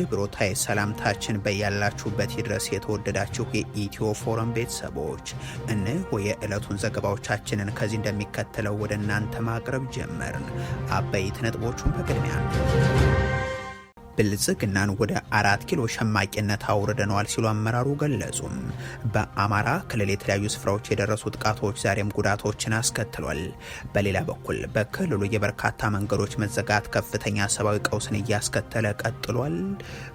ክብሮታይ ሰላምታችን በያላችሁበት ይድረስ። የተወደዳችሁ የኢትዮ ፎረም ቤተሰቦች እነሆ የዕለቱን ዘገባዎቻችንን ከዚህ እንደሚከተለው ወደ እናንተ ማቅረብ ጀመርን። አበይት ነጥቦቹን በቅድሚያ ብልጽግናን ወደ አራት ኪሎ ሸማቂነት አውርደነዋል ሲሉ አመራሩ ገለጹም። በአማራ ክልል የተለያዩ ስፍራዎች የደረሱ ጥቃቶች ዛሬም ጉዳቶችን አስከትሏል። በሌላ በኩል በክልሉ የበርካታ መንገዶች መዘጋት ከፍተኛ ሰብአዊ ቀውስን እያስከተለ ቀጥሏል።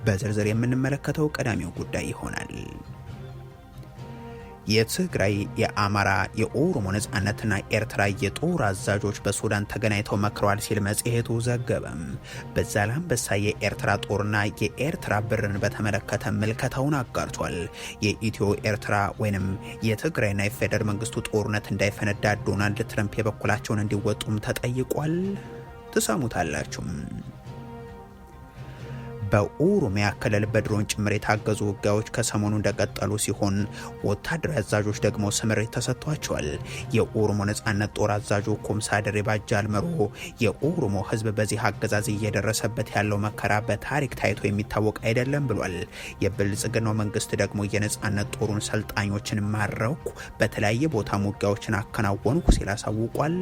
በዝርዝር የምንመለከተው ቀዳሚው ጉዳይ ይሆናል። የትግራይ፣ የአማራ፣ የኦሮሞ ነጻነትና ኤርትራ የጦር አዛዦች በሱዳን ተገናኝተው መክረዋል ሲል መጽሔቱ ዘገበም። በዛላምበሳ የኤርትራ ጦርና የኤርትራ ብርን በተመለከተ ምልከታውን አጋርቷል። የኢትዮ ኤርትራ ወይንም የትግራይና የፌደራል መንግስቱ ጦርነት እንዳይፈነዳ ዶናልድ ትረምፕ የበኩላቸውን እንዲወጡም ተጠይቋል። ትሰሙታላችሁም። በኦሮሚያ ክልል በድሮን ጭምር የታገዙ ውጊያዎች ከሰሞኑ እንደቀጠሉ ሲሆን ወታደራዊ አዛዦች ደግሞ ስምሪት ተሰጥቷቸዋል። የኦሮሞ ነጻነት ጦር አዛዡ ኮምሳ ድሪባ ጃልመሮ የኦሮሞ ህዝብ በዚህ አገዛዝ እየደረሰበት ያለው መከራ በታሪክ ታይቶ የሚታወቅ አይደለም ብሏል። የብልጽግናው መንግስት ደግሞ የነጻነት ጦሩን ሰልጣኞችን ማረኩ፣ በተለያየ ቦታ ውጊያዎችን አከናወንኩ ሲል አሳውቋል።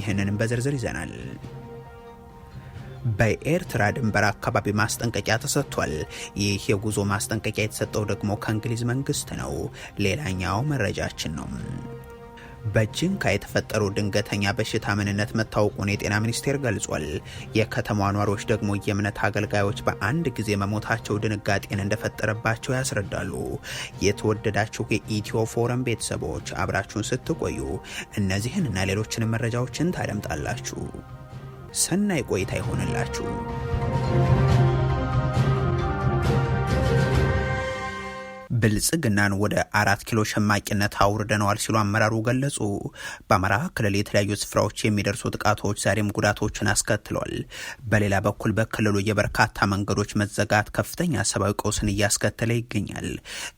ይህንንም በዝርዝር ይዘናል። በኤርትራ ድንበር አካባቢ ማስጠንቀቂያ ተሰጥቷል። ይህ የጉዞ ማስጠንቀቂያ የተሰጠው ደግሞ ከእንግሊዝ መንግስት ነው። ሌላኛው መረጃችን ነው። በጅንካ የተፈጠረው ድንገተኛ በሽታ ምንነት መታወቁን የጤና ሚኒስቴር ገልጿል። የከተማ ኗሪዎች ደግሞ የእምነት አገልጋዮች በአንድ ጊዜ መሞታቸው ድንጋጤን እንደፈጠረባቸው ያስረዳሉ። የተወደዳችሁ የኢትዮ ፎረም ቤተሰቦች አብራችሁን ስትቆዩ እነዚህን እና ሌሎችንም መረጃዎችን ታደምጣላችሁ። ሰናይ ቆይታ ይሆንላችሁ። ብልጽግናን ወደ አራት ኪሎ ሸማቂነት አውርደነዋል ሲሉ አመራሩ ገለጹ። በአማራ ክልል የተለያዩ ስፍራዎች የሚደርሱ ጥቃቶች ዛሬም ጉዳቶችን አስከትሏል። በሌላ በኩል በክልሉ የበርካታ መንገዶች መዘጋት ከፍተኛ ሰብአዊ ቀውስን እያስከተለ ይገኛል።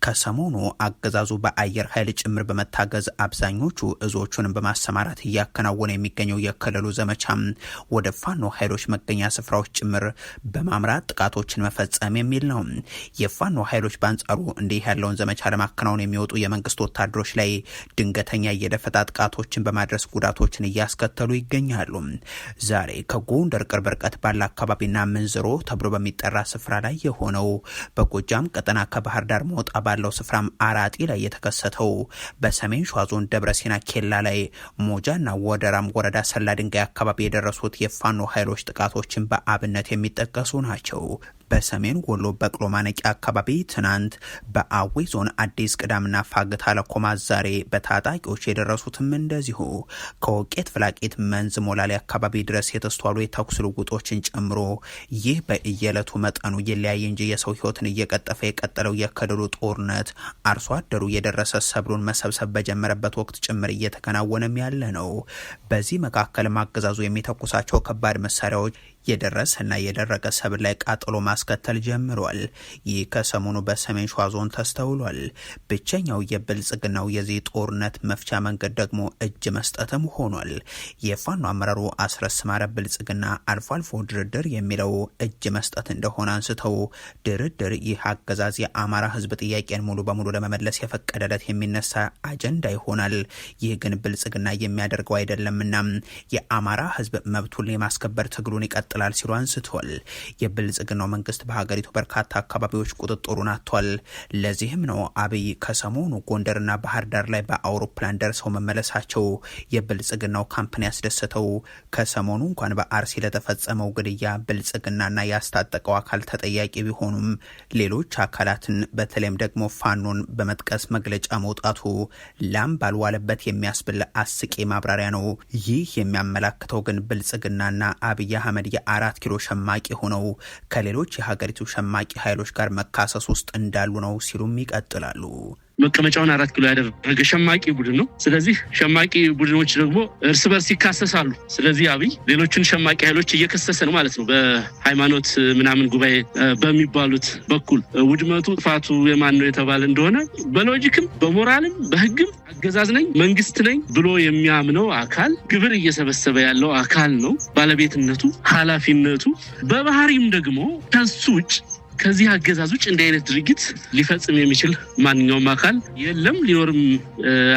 ከሰሞኑ አገዛዙ በአየር ኃይል ጭምር በመታገዝ አብዛኞቹ እዞቹንም በማሰማራት እያከናወነ የሚገኘው የክልሉ ዘመቻም ወደ ፋኖ ኃይሎች መገኛ ስፍራዎች ጭምር በማምራት ጥቃቶችን መፈጸም የሚል ነው። የፋኖ ኃይሎች በአንጻሩ እንዲህ ያለ ያለውን ዘመቻ ለማከናወን የሚወጡ የመንግስት ወታደሮች ላይ ድንገተኛ የደፈጣ ጥቃቶችን በማድረስ ጉዳቶችን እያስከተሉ ይገኛሉ። ዛሬ ከጎንደር ቅርብ ርቀት ባለ አካባቢና ምንዝሮ ተብሎ በሚጠራ ስፍራ ላይ የሆነው በጎጃም ቀጠና ከባህር ዳር መውጣ ባለው ስፍራም አራጢ ላይ የተከሰተው በሰሜን ሸዋ ዞን ኬላ ላይ ሞጃና ወደራም ወረዳ ሰላ ድንጋይ አካባቢ የደረሱት የፋኖ ኃይሎች ጥቃቶችን በአብነት የሚጠቀሱ ናቸው። በሰሜን ወሎ በቅሎ ማነቂያ አካባቢ ትናንት፣ በአዊ ዞን አዲስ ቅዳምና ፋግታ ለኮማ ዛሬ በታጣቂዎች የደረሱትም እንደዚሁ ከወቄት ፍላቄት መንዝ ሞላሌ አካባቢ ድረስ የተስተዋሉ የተኩስ ልውጦችን ጨምሮ ይህ በእየለቱ መጠኑ የለያየ እንጂ የሰው ህይወትን እየቀጠፈ የቀጠለው የክልሉ ጦርነት አርሶ አደሩ የደረሰ ሰብሉን መሰብሰብ በጀመረበት ወቅት ጭምር እየተከናወነም ያለ ነው። በዚህ መካከል ማገዛዙ የሚተኩሳቸው ከባድ መሳሪያዎች የደረሰና የደረቀ ሰብል ላይ ቃጠሎ ማስከተል ጀምሯል። ይህ ከሰሞኑ በሰሜን ሸዋ ዞን ተስተውሏል። ብቸኛው የብልጽግናው የዚህ ጦርነት መፍቻ መንገድ ደግሞ እጅ መስጠትም ሆኗል። የፋኖ አመራሩ አስረስ ማረ ብልጽግና አልፎ አልፎ ድርድር የሚለው እጅ መስጠት እንደሆነ አንስተው ድርድር ይህ አገዛዝ የአማራ ህዝብ ጥያቄን ሙሉ በሙሉ ለመመለስ የፈቀደለት የሚነሳ አጀንዳ ይሆናል። ይህ ግን ብልጽግና የሚያደርገው አይደለምና የአማራ ህዝብ መብቱን የማስከበር ትግሉን ይቀጥላል ይቀጥላል ሲሉ አንስቷል። የብልጽግናው መንግስት በሀገሪቱ በርካታ አካባቢዎች ቁጥጥሩን አጥቷል። ለዚህም ነው አብይ ከሰሞኑ ጎንደርና ባህር ዳር ላይ በአውሮፕላን ደርሰው መመለሳቸው የብልጽግናው ካምፕን ያስደሰተው። ከሰሞኑ እንኳን በአርሲ ለተፈጸመው ግድያ ብልጽግናና ያስታጠቀው አካል ተጠያቂ ቢሆኑም ሌሎች አካላትን በተለይም ደግሞ ፋኖን በመጥቀስ መግለጫ መውጣቱ ላም ባልዋለበት የሚያስብል አስቂ ማብራሪያ ነው። ይህ የሚያመላክተው ግን ብልጽግናና አብይ አህመድ የአራት ኪሎ ሸማቂ ሆነው ከሌሎች የሀገሪቱ ሸማቂ ኃይሎች ጋር መካሰስ ውስጥ እንዳሉ ነው ሲሉም ይቀጥላሉ። መቀመጫውን አራት ኪሎ ያደረገ ሸማቂ ቡድን ነው። ስለዚህ ሸማቂ ቡድኖች ደግሞ እርስ በርስ ይካሰሳሉ። ስለዚህ አብይ ሌሎችን ሸማቂ ኃይሎች እየከሰሰ ነው ማለት ነው። በሃይማኖት ምናምን ጉባኤ በሚባሉት በኩል ውድመቱ ጥፋቱ የማን ነው የተባለ እንደሆነ በሎጂክም በሞራልም በህግም አገዛዝ ነኝ መንግስት ነኝ ብሎ የሚያምነው አካል ግብር እየሰበሰበ ያለው አካል ነው። ባለቤትነቱ ኃላፊነቱ በባህሪም ደግሞ ከሱ ውጭ ከዚህ አገዛዝ ውጭ እንዲህ አይነት ድርጊት ሊፈጽም የሚችል ማንኛውም አካል የለም፣ ሊኖርም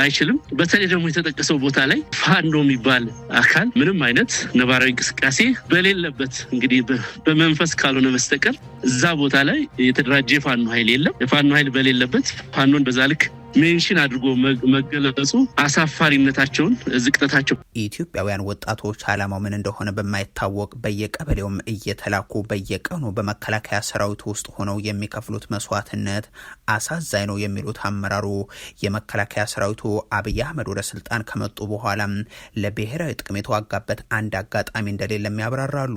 አይችልም። በተለይ ደግሞ የተጠቀሰው ቦታ ላይ ፋኖ የሚባል አካል ምንም አይነት ነባራዊ እንቅስቃሴ በሌለበት እንግዲህ በመንፈስ ካልሆነ በስተቀር እዛ ቦታ ላይ የተደራጀ የፋኖ ኃይል የለም። የፋኖ ኃይል በሌለበት ፋኖን በዛ ልክ ሜንሽን አድርጎ መገለጹ አሳፋሪነታቸውን፣ ዝቅጠታቸው ኢትዮጵያውያን ወጣቶች አላማው ምን እንደሆነ በማይታወቅ በየቀበሌውም እየተላኩ በየቀኑ በመከላከያ ሰራዊት ውስጥ ሆነው የሚከፍሉት መስዋዕትነት አሳዛኝ ነው የሚሉት አመራሩ የመከላከያ ሰራዊቱ አብይ አህመድ ወደ ስልጣን ከመጡ በኋላ ለብሔራዊ ጥቅም የተዋጋበት አንድ አጋጣሚ እንደሌለም ያብራራሉ።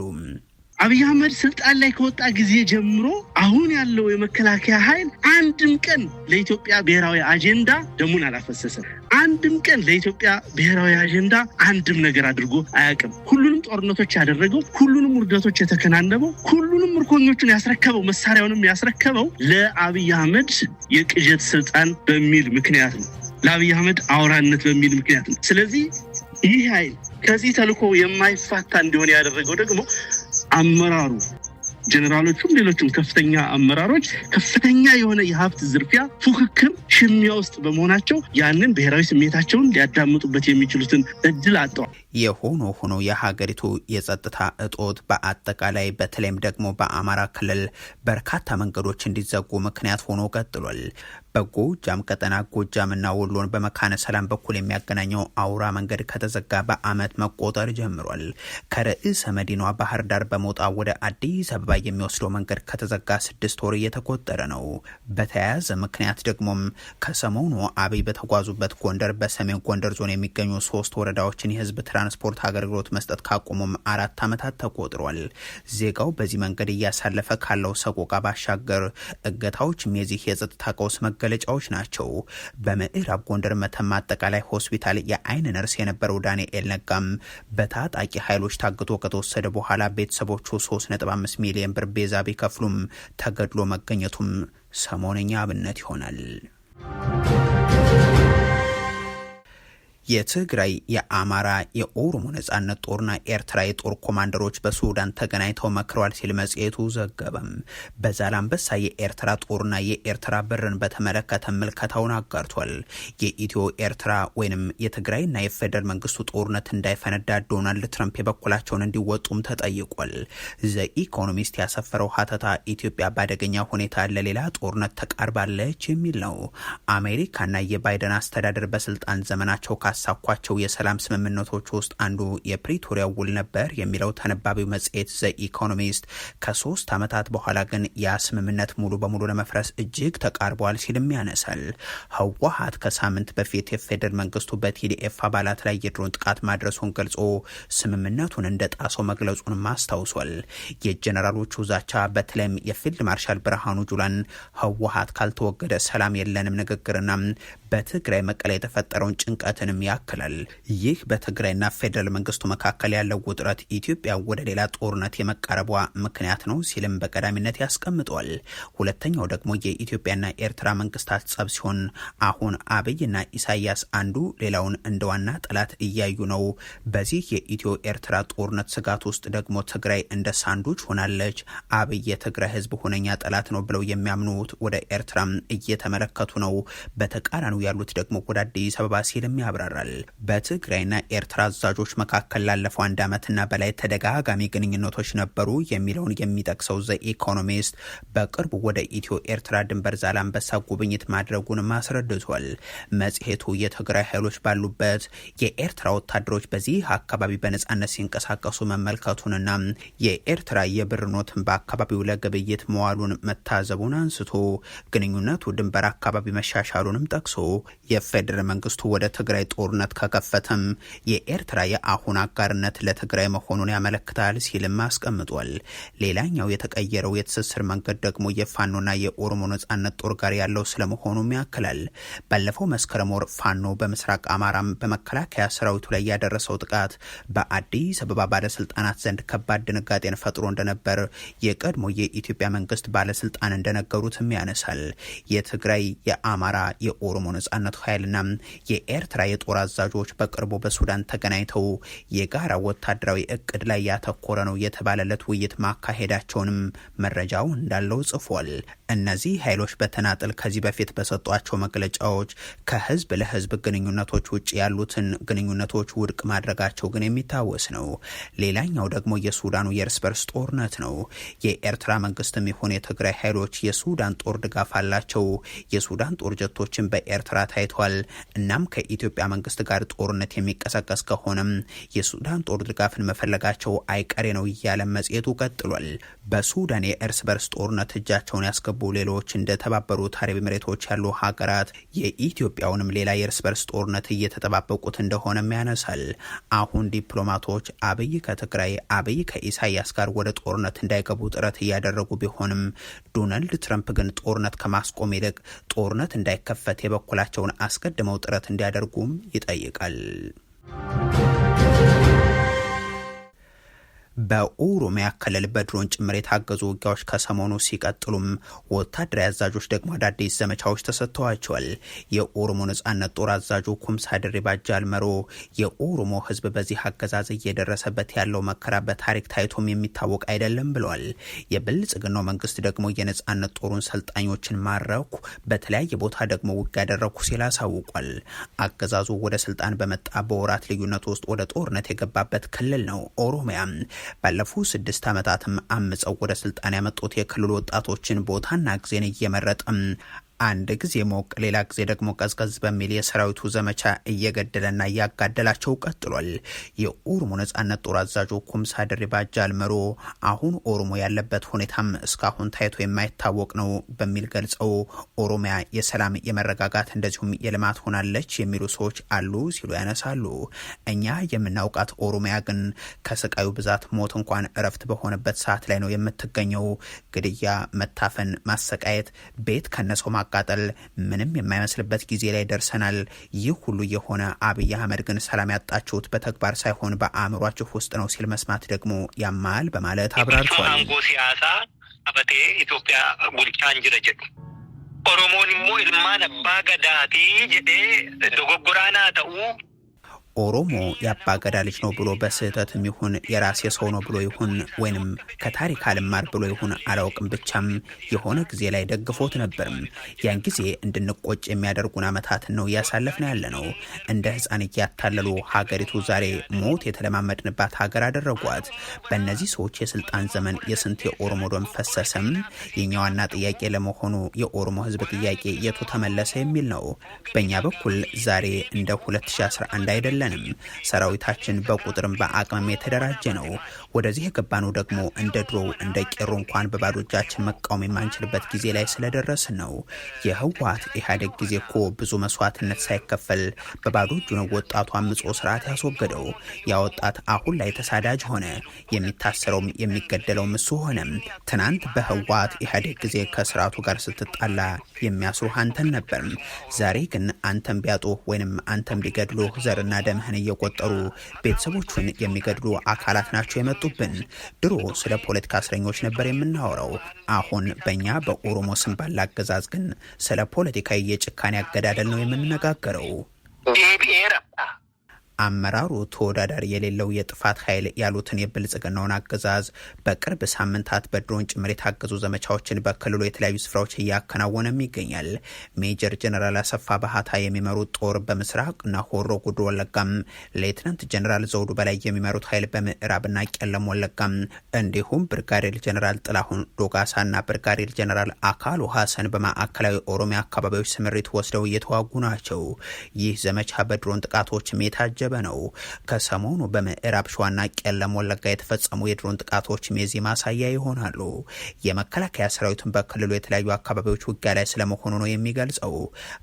አብይ አህመድ ስልጣን ላይ ከወጣ ጊዜ ጀምሮ አሁን ያለው የመከላከያ ኃይል አንድም ቀን ለኢትዮጵያ ብሔራዊ አጀንዳ ደሙን አላፈሰሰም። አንድም ቀን ለኢትዮጵያ ብሔራዊ አጀንዳ አንድም ነገር አድርጎ አያውቅም። ሁሉንም ጦርነቶች ያደረገው፣ ሁሉንም ውርደቶች የተከናነበው፣ ሁሉንም ምርኮኞቹን ያስረከበው፣ መሳሪያውንም ያስረከበው ለአብይ አህመድ የቅዠት ስልጣን በሚል ምክንያት ነው። ለአብይ አህመድ አውራነት በሚል ምክንያት ነው። ስለዚህ ይህ ኃይል ከዚህ ተልኮ የማይፋታ እንዲሆን ያደረገው ደግሞ አመራሩ ጀኔራሎቹም ሌሎቹም ከፍተኛ አመራሮች ከፍተኛ የሆነ የሀብት ዝርፊያ፣ ፉክክር፣ ሽሚያ ውስጥ በመሆናቸው ያንን ብሔራዊ ስሜታቸውን ሊያዳምጡበት የሚችሉትን እድል አጠዋል። የሆኖ ሆኖ የሀገሪቱ የጸጥታ እጦት በአጠቃላይ በተለይም ደግሞ በአማራ ክልል በርካታ መንገዶች እንዲዘጉ ምክንያት ሆኖ ቀጥሏል። በጎጃም ቀጠና ጎጃምና ወሎን በመካነ ሰላም በኩል የሚያገናኘው አውራ መንገድ ከተዘጋ በዓመት መቆጠር ጀምሯል። ከርዕሰ መዲኗ ባህር ዳር በመውጣ ወደ አዲስ አበባ የሚወስደው መንገድ ከተዘጋ ስድስት ወር እየተቆጠረ ነው። በተያያዘ ምክንያት ደግሞም ከሰሞኑ አብይ በተጓዙበት ጎንደር በሰሜን ጎንደር ዞን የሚገኙ ሶስት ወረዳዎችን የህዝብ ትራ የትራንስፖርት አገልግሎት መስጠት ካቆሙም አራት ዓመታት ተቆጥሯል። ዜጋው በዚህ መንገድ እያሳለፈ ካለው ሰቆቃ ባሻገር እገታዎችም የዚህ የጸጥታ ቀውስ መገለጫዎች ናቸው። በምዕራብ ጎንደር መተማ አጠቃላይ ሆስፒታል የአይን ነርስ የነበረው ዳንኤል ነጋም በታጣቂ ኃይሎች ታግቶ ከተወሰደ በኋላ ቤተሰቦቹ 3.5 ሚሊዮን ብር ቤዛ ቢከፍሉም ተገድሎ መገኘቱም ሰሞነኛ አብነት ይሆናል። የትግራይ የአማራ የኦሮሞ ነጻነት ጦርና ኤርትራ የጦር ኮማንደሮች በሱዳን ተገናኝተው መክረዋል ሲል መጽሔቱ ዘገበም። በዛላምበሳ የኤርትራ ጦርና የኤርትራ ብርን በተመለከተ ምልከታውን አጋርቷል። የኢትዮ ኤርትራ ወይንም የትግራይና የፌደራል መንግስቱ ጦርነት እንዳይፈነዳ ዶናልድ ትራምፕ የበኩላቸውን እንዲወጡም ተጠይቋል። ዘኢኮኖሚስት ያሰፈረው ሀተታ ኢትዮጵያ በአደገኛ ሁኔታ ለሌላ ጦርነት ተቃርባለች የሚል ነው። አሜሪካና የባይደን አስተዳደር በስልጣን ዘመናቸው ካሳኳቸው የሰላም ስምምነቶች ውስጥ አንዱ የፕሪቶሪያ ውል ነበር የሚለው ተነባቢው መጽሔት ዘ ኢኮኖሚስት ከሶስት ዓመታት በኋላ ግን ያ ስምምነት ሙሉ በሙሉ ለመፍረስ እጅግ ተቃርቧል ሲልም ያነሳል። ህወሀት ከሳምንት በፊት የፌዴራል መንግስቱ በቲዲኤፍ አባላት ላይ የድሮን ጥቃት ማድረሱን ገልጾ ስምምነቱን እንደ ጣሰው መግለጹንም አስታውሷል። የጀነራሎቹ ዛቻ በተለይም የፊልድ ማርሻል ብርሃኑ ጁላን ህወሀት ካልተወገደ ሰላም የለንም ንግግርና በትግራይ መቀለ የተፈጠረውን ጭንቀትንም ያክላል። ይህ በትግራይና ፌዴራል መንግስቱ መካከል ያለው ውጥረት ኢትዮጵያ ወደ ሌላ ጦርነት የመቃረቧ ምክንያት ነው ሲልም በቀዳሚነት ያስቀምጧል። ሁለተኛው ደግሞ የኢትዮጵያና ኤርትራ መንግስታት ጸብ ሲሆን አሁን አብይና ኢሳያስ አንዱ ሌላውን እንደ ዋና ጠላት እያዩ ነው። በዚህ የኢትዮ ኤርትራ ጦርነት ስጋት ውስጥ ደግሞ ትግራይ እንደ ሳንዱች ሆናለች። አብይ የትግራይ ህዝብ ሁነኛ ጠላት ነው ብለው የሚያምኑት ወደ ኤርትራም እየተመለከቱ ነው። በተቃራኒው ያሉት ደግሞ ወደ አዲስ አበባ ሲልም ያብራራል። ይመራል። በትግራይና ኤርትራ አዛዦች መካከል ላለፈው አንድ ዓመትና በላይ ተደጋጋሚ ግንኙነቶች ነበሩ የሚለውን የሚጠቅሰው ዘ ኢኮኖሚስት በቅርቡ ወደ ኢትዮ ኤርትራ ድንበር ዛላንበሳ ጉብኝት ማድረጉን አስረድቷል። መጽሔቱ የትግራይ ኃይሎች ባሉበት የኤርትራ ወታደሮች በዚህ አካባቢ በነጻነት ሲንቀሳቀሱ መመልከቱንና የኤርትራ የብር ኖትን በአካባቢው ለግብይት መዋሉን መታዘቡን አንስቶ ግንኙነቱ ድንበር አካባቢ መሻሻሉንም ጠቅሶ የፌዴራል መንግስቱ ወደ ትግራይ ጦ ጦርነት ከከፈተም የኤርትራ የአሁን አጋርነት ለትግራይ መሆኑን ያመለክታል ሲልም አስቀምጧል። ሌላኛው የተቀየረው የትስስር መንገድ ደግሞ የፋኖና የኦሮሞ ነጻነት ጦር ጋር ያለው ስለመሆኑም ያክላል። ባለፈው መስከረም ወር ፋኖ በምስራቅ አማራም በመከላከያ ሰራዊቱ ላይ ያደረሰው ጥቃት በአዲስ አበባ ባለስልጣናት ዘንድ ከባድ ድንጋጤን ፈጥሮ እንደነበር የቀድሞ የኢትዮጵያ መንግስት ባለስልጣን እንደነገሩትም ያነሳል። የትግራይ የአማራ የኦሮሞ ነጻነት ኃይልና የኤርትራ የጦር የጦር አዛዦች በቅርቡ በሱዳን ተገናኝተው የጋራ ወታደራዊ እቅድ ላይ ያተኮረ ነው የተባለለት ውይይት ማካሄዳቸውንም መረጃው እንዳለው ጽፏል። እነዚህ ኃይሎች በተናጥል ከዚህ በፊት በሰጧቸው መግለጫዎች ከህዝብ ለህዝብ ግንኙነቶች ውጭ ያሉትን ግንኙነቶች ውድቅ ማድረጋቸው ግን የሚታወስ ነው። ሌላኛው ደግሞ የሱዳኑ የእርስ በርስ ጦርነት ነው። የኤርትራ መንግስትም የሆነ የትግራይ ኃይሎች የሱዳን ጦር ድጋፍ አላቸው። የሱዳን ጦር ጀቶችን በኤርትራ ታይቷል። እናም ከኢትዮጵያ መንግስት መንግስት ጋር ጦርነት የሚቀሰቀስ ከሆነም የሱዳን ጦር ድጋፍን መፈለጋቸው አይቀሬ ነው እያለ መጽሔቱ ቀጥሏል። በሱዳን የእርስ በርስ ጦርነት እጃቸውን ያስገቡ ሌሎች እንደተባበሩት አረብ ኤሚሬቶች ያሉ ሀገራት የኢትዮጵያውንም ሌላ የእርስ በርስ ጦርነት እየተጠባበቁት እንደሆነም ያነሳል። አሁን ዲፕሎማቶች አብይ ከትግራይ አብይ ከኢሳያስ ጋር ወደ ጦርነት እንዳይገቡ ጥረት እያደረጉ ቢሆንም ዶናልድ ትራምፕ ግን ጦርነት ከማስቆም ይልቅ ጦርነት እንዳይከፈት የበኩላቸውን አስቀድመው ጥረት እንዲያደርጉም ይጠይቃል። በኦሮሚያ ክልል በድሮን ጭምር የታገዙ ውጊያዎች ከሰሞኑ ሲቀጥሉም ወታደራዊ አዛዦች ደግሞ አዳዲስ ዘመቻዎች ተሰጥተዋቸዋል። የኦሮሞ ነጻነት ጦር አዛዡ ኩምሳ ድሪባ ጃልመሮ የኦሮሞ ሕዝብ በዚህ አገዛዝ እየደረሰበት ያለው መከራ በታሪክ ታይቶም የሚታወቅ አይደለም ብለዋል። የብልጽግናው መንግስት ደግሞ የነጻነት ጦሩን ሰልጣኞችን ማረኩ፣ በተለያየ ቦታ ደግሞ ውጊያ ያደረኩ ሲል አሳውቋል። አገዛዙ ወደ ስልጣን በመጣ በወራት ልዩነት ውስጥ ወደ ጦርነት የገባበት ክልል ነው ኦሮሚያ። ባለፉ ስድስት ዓመታትም አምፀው ወደ ስልጣን ያመጡት የክልሉ ወጣቶችን ቦታና ጊዜን እየመረጠም አንድ ጊዜ ሞቅ ሌላ ጊዜ ደግሞ ቀዝቀዝ በሚል የሰራዊቱ ዘመቻ እየገደለና እያጋደላቸው ቀጥሏል። የኦሮሞ ነጻነት ጦር አዛዡ ኩምሳ ድሪባ ጃልመሮ አሁን ኦሮሞ ያለበት ሁኔታም እስካሁን ታይቶ የማይታወቅ ነው በሚል ገልጸው ኦሮሚያ የሰላም የመረጋጋት እንደዚሁም የልማት ሆናለች የሚሉ ሰዎች አሉ ሲሉ ያነሳሉ። እኛ የምናውቃት ኦሮሚያ ግን ከስቃዩ ብዛት ሞት እንኳን እረፍት በሆነበት ሰዓት ላይ ነው የምትገኘው። ግድያ፣ መታፈን፣ ማሰቃየት ቤት ከነሰው ለማቃጠል ምንም የማይመስልበት ጊዜ ላይ ደርሰናል። ይህ ሁሉ የሆነ አብይ አህመድ ግን ሰላም ያጣችሁት በተግባር ሳይሆን በአእምሯችሁ ውስጥ ነው ሲል መስማት ደግሞ ያማል በማለት አብራርቷል። ኢትዮጵያ ጉልቻ እንጅረ ጀዱ ኦሮሞን ሞ ልማ ነባ ገዳቲ ጀዴ ዶጎጎራና ተዉ ኦሮሞ የአባገዳ ልጅ ነው ብሎ በስህተትም ይሁን የራሴ ሰው ነው ብሎ ይሁን ወይንም ከታሪክ አልማር ብሎ ይሁን አላውቅም፣ ብቻም የሆነ ጊዜ ላይ ደግፎት ነበርም። ያን ጊዜ እንድንቆጭ የሚያደርጉን ዓመታት ነው እያሳለፍን ያለ ነው። እንደ ሕፃን እያታለሉ ሀገሪቱ ዛሬ ሞት የተለማመድንባት ሀገር አደረጓት። በእነዚህ ሰዎች የስልጣን ዘመን የስንት የኦሮሞ ደም ፈሰሰም። የኛ ዋና ጥያቄ ለመሆኑ የኦሮሞ ሕዝብ ጥያቄ የቱ ተመለሰ የሚል ነው። በእኛ በኩል ዛሬ እንደ 2011 አይደለም የለንም። ሰራዊታችን በቁጥርም በአቅምም የተደራጀ ነው። ወደዚህ የገባነው ደግሞ እንደ ድሮ እንደ ቄሮ እንኳን በባዶ እጃችን መቃወም የማንችልበት ጊዜ ላይ ስለደረስን ነው። የህወሓት ኢህአዴግ ጊዜ እኮ ብዙ መስዋዕትነት ሳይከፈል በባዶ እጁ ነው ወጣቱ አምጾ ስርዓት ያስወገደው። ያ ወጣት አሁን ላይ ተሳዳጅ ሆነ፣ የሚታሰረውም የሚገደለውም እሱ ሆነም። ትናንት በህወሓት ኢህአዴግ ጊዜ ከስርዓቱ ጋር ስትጣላ የሚያስሩህ አንተን ነበርም ዛሬ ግን አንተን ቢያጡ ወይንም አንተን ቢገድሉ ዘርና ደ በምህን እየቆጠሩ ቤተሰቦቹን የሚገድሉ አካላት ናቸው የመጡብን። ድሮ ስለ ፖለቲካ እስረኞች ነበር የምናወራው። አሁን በእኛ በኦሮሞ ስም ባለ አገዛዝ ግን ስለ ፖለቲካዊ የጭካኔ አገዳደል ነው የምንነጋገረው። አመራሩ ተወዳዳሪ የሌለው የጥፋት ኃይል ያሉትን የብልጽግናውን አገዛዝ በቅርብ ሳምንታት በድሮን ጭምር የታገዙ ዘመቻዎችን በክልሉ የተለያዩ ስፍራዎች እያከናወነም ይገኛል። ሜጀር ጀነራል አሰፋ ባህታ የሚመሩት ጦር በምስራቅና ሆሮ ጉድ ወለጋም፣ ሌትናንት ጀነራል ዘውዱ በላይ የሚመሩት ኃይል በምዕራብና ቄለም ወለጋም፣ እንዲሁም ብርጋዴር ጀነራል ጥላሁን ዶጋሳና ብርጋዴር ጀነራል አካሉ ሀሰን በማዕከላዊ ኦሮሚያ አካባቢዎች ስምሪት ወስደው እየተዋጉ ናቸው። ይህ ዘመቻ በድሮን ጥቃቶች ሜታ የተገደበ ነው። ከሰሞኑ በምዕራብ ሸዋና ቄለም ወለጋ የተፈጸሙ የድሮን ጥቃቶች የዚህ ማሳያ ይሆናሉ። የመከላከያ ሰራዊቱን በክልሉ የተለያዩ አካባቢዎች ውጊያ ላይ ስለመሆኑ ነው የሚገልጸው።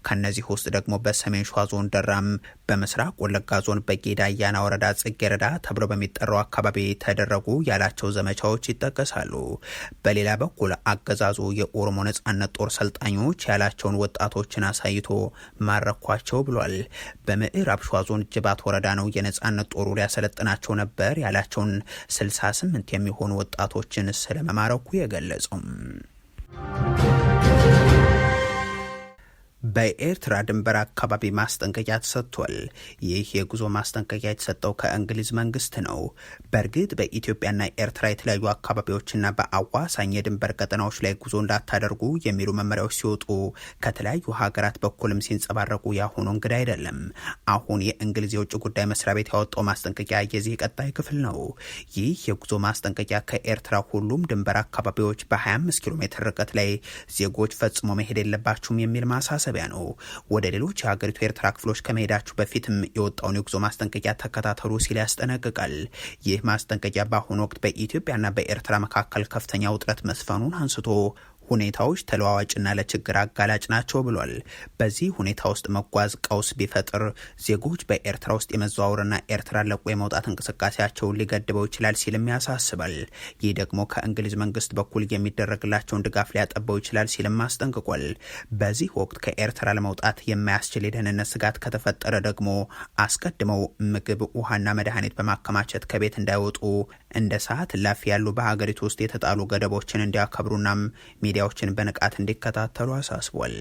ከነዚህ ውስጥ ደግሞ በሰሜን ሸዋ ዞን ደራም፣ በምስራቅ ወለጋ ዞን በጌዳ አያና ወረዳ ጽጌረዳ ተብሎ በሚጠራው አካባቢ ተደረጉ ያላቸው ዘመቻዎች ይጠቀሳሉ። በሌላ በኩል አገዛዙ የኦሮሞ ነጻነት ጦር ሰልጣኞች ያላቸውን ወጣቶችን አሳይቶ ማረኳቸው ብሏል። በምዕራብ ሸዋ ዞን ጅባት ወረዳ ነው የነጻነት ጦሩ ሊያሰለጥናቸው ነበር ያላቸውን 68 የሚሆኑ ወጣቶችን ስለመማረኩ የገለጹም በኤርትራ ድንበር አካባቢ ማስጠንቀቂያ ተሰጥቷል። ይህ የጉዞ ማስጠንቀቂያ የተሰጠው ከእንግሊዝ መንግስት ነው። በእርግጥ በኢትዮጵያና ኤርትራ የተለያዩ አካባቢዎችና በአዋሳኝ የድንበር ቀጠናዎች ላይ ጉዞ እንዳታደርጉ የሚሉ መመሪያዎች ሲወጡ ከተለያዩ ሀገራት በኩልም ሲንጸባረቁ ያሁኑ እንግዳ አይደለም። አሁን የእንግሊዝ የውጭ ጉዳይ መስሪያ ቤት ያወጣው ማስጠንቀቂያ የዚህ ቀጣይ ክፍል ነው። ይህ የጉዞ ማስጠንቀቂያ ከኤርትራ ሁሉም ድንበር አካባቢዎች በ25 ኪሎ ሜትር ርቀት ላይ ዜጎች ፈጽሞ መሄድ የለባችሁም የሚል ማሳሰብ ማሳሰቢያ ነው። ወደ ሌሎች የሀገሪቱ የኤርትራ ክፍሎች ከመሄዳችሁ በፊትም የወጣውን የጉዞ ማስጠንቀቂያ ተከታተሉ ሲል ያስጠነቅቃል። ይህ ማስጠንቀቂያ በአሁኑ ወቅት በኢትዮጵያና በኤርትራ መካከል ከፍተኛ ውጥረት መስፈኑን አንስቶ ሁኔታዎች ተለዋዋጭና ለችግር አጋላጭ ናቸው ብሏል። በዚህ ሁኔታ ውስጥ መጓዝ ቀውስ ቢፈጥር ዜጎች በኤርትራ ውስጥ የመዘዋወርና ኤርትራ ለቆ የመውጣት እንቅስቃሴያቸውን ሊገድበው ይችላል ሲልም ያሳስባል። ይህ ደግሞ ከእንግሊዝ መንግስት በኩል የሚደረግላቸውን ድጋፍ ሊያጠበው ይችላል ሲልም አስጠንቅቋል። በዚህ ወቅት ከኤርትራ ለመውጣት የማያስችል የደህንነት ስጋት ከተፈጠረ ደግሞ አስቀድመው ምግብ፣ ውሃና መድኃኒት በማከማቸት ከቤት እንዳይወጡ እንደ ሰዓት እላፊ ያሉ በሀገሪቱ ውስጥ የተጣሉ ገደቦችን እንዲያከብሩናም ሚዲያ ሚዲያዎችን በንቃት እንዲከታተሉ አሳስቧል።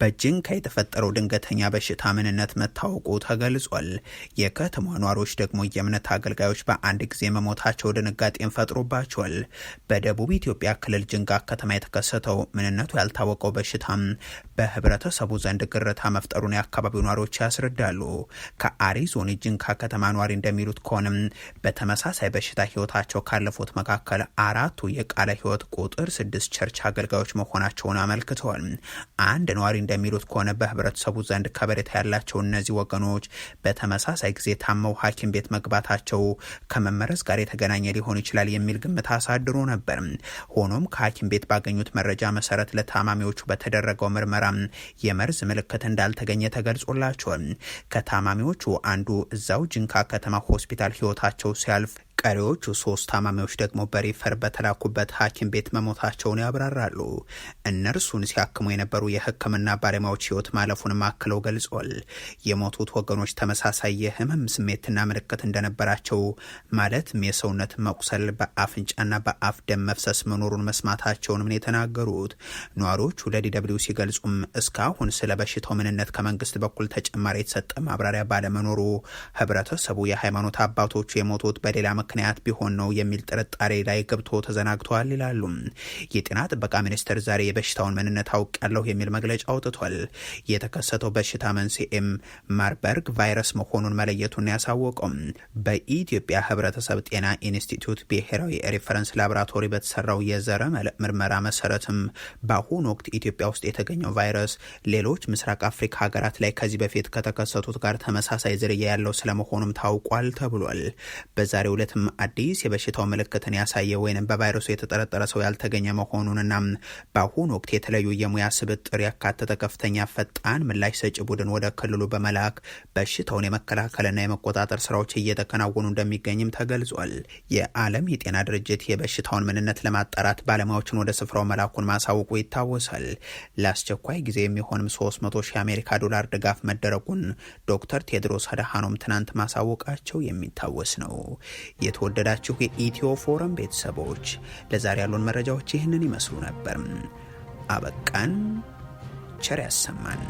በጅንካ የተፈጠረው ድንገተኛ በሽታ ምንነት መታወቁ ተገልጿል። የከተማ ኗሪዎች ደግሞ የእምነት አገልጋዮች በአንድ ጊዜ መሞታቸው ድንጋጤን ፈጥሮባቸዋል። በደቡብ ኢትዮጵያ ክልል ጅንጋ ከተማ የተከሰተው ምንነቱ ያልታወቀው በሽታም በህብረተሰቡ ዘንድ ግርታ መፍጠሩን የአካባቢው ኗሪዎች ያስረዳሉ። ከአሪዞን ጅንካ ከተማ ኗሪ እንደሚሉት ከሆንም በተመሳሳይ በሽታ ህይወታቸው ካለፉት መካከል አራቱ የቃለ ህይወት ቁጥር ስድስት ቸርች አገልጋዮች መሆናቸውን አመልክተዋል። አንድ ነዋሪ እንደሚሉት ከሆነ በህብረተሰቡ ዘንድ ከበሬታ ያላቸው እነዚህ ወገኖች በተመሳሳይ ጊዜ ታመው ሐኪም ቤት መግባታቸው ከመመረዝ ጋር የተገናኘ ሊሆን ይችላል የሚል ግምት አሳድሮ ነበር። ሆኖም ከሐኪም ቤት ባገኙት መረጃ መሰረት ለታማሚዎቹ በተደረገው ምርመራ የመርዝ ምልክት እንዳልተገኘ ተገልጾላቸዋል። ከታማሚዎቹ አንዱ እዛው ጅንካ ከተማ ሆስፒታል ህይወታቸው ሲያልፍ ቀሪዎቹ ሶስት ታማሚዎች ደግሞ በሪፈር በተላኩበት ሐኪም ቤት መሞታቸውን ያብራራሉ። እነርሱን ሲያክሙ የነበሩ የሕክምና ባለሙያዎች ህይወት ማለፉንም አክለው ገልጿል። የሞቱት ወገኖች ተመሳሳይ የህመም ስሜትና ምልክት እንደነበራቸው ማለትም የሰውነት መቁሰል፣ በአፍንጫና በአፍ ደም መፍሰስ መኖሩን መስማታቸውንም ነው የተናገሩት። ነዋሪዎቹ ለዲደብሊው ሲገልጹም እስካሁን ስለ በሽታው ምንነት ከመንግስት በኩል ተጨማሪ የተሰጠ ማብራሪያ ባለመኖሩ ህብረተሰቡ የሃይማኖት አባቶቹ የሞቱት በሌላ ምክ ምክንያት ቢሆን ነው የሚል ጥርጣሬ ላይ ገብቶ ተዘናግቷል ይላሉ። የጤና ጥበቃ ሚኒስቴር ዛሬ የበሽታውን ምንነት አውቃለሁ የሚል መግለጫ አውጥቷል። የተከሰተው በሽታ መንስኤም ማርበርግ ቫይረስ መሆኑን መለየቱን ያሳወቀው በኢትዮጵያ ህብረተሰብ ጤና ኢንስቲትዩት ብሔራዊ ሬፈረንስ ላቦራቶሪ በተሰራው የዘረመል ምርመራ መሰረትም በአሁኑ ወቅት ኢትዮጵያ ውስጥ የተገኘው ቫይረስ ሌሎች ምስራቅ አፍሪካ ሀገራት ላይ ከዚህ በፊት ከተከሰቱት ጋር ተመሳሳይ ዝርያ ያለው ስለመሆኑም ታውቋል ተብሏል። በዛሬው ዕለትም አዲስ የበሽታው ምልክትን ያሳየ ወይም በቫይረሱ የተጠረጠረ ሰው ያልተገኘ መሆኑንና በአሁኑ ወቅት የተለዩ የሙያ ስብጥር ያካተተ ከፍተኛ ፈጣን ምላሽ ሰጪ ቡድን ወደ ክልሉ በመላክ በሽታውን የመከላከልና የመቆጣጠር ስራዎች እየተከናወኑ እንደሚገኝም ተገልጿል። የዓለም የጤና ድርጅት የበሽታውን ምንነት ለማጣራት ባለሙያዎችን ወደ ስፍራው መላኩን ማሳወቁ ይታወሳል። ለአስቸኳይ ጊዜ የሚሆንም 300 ሺህ የአሜሪካ ዶላር ድጋፍ መደረጉን ዶክተር ቴድሮስ አድሃኖም ትናንት ማሳወቃቸው የሚታወስ ነው። የተወደዳችሁ የኢትዮ ፎረም ቤተሰቦች ለዛሬ ያሉን መረጃዎች ይህንን ይመስሉ ነበር። አበቃን። ቸር ያሰማን።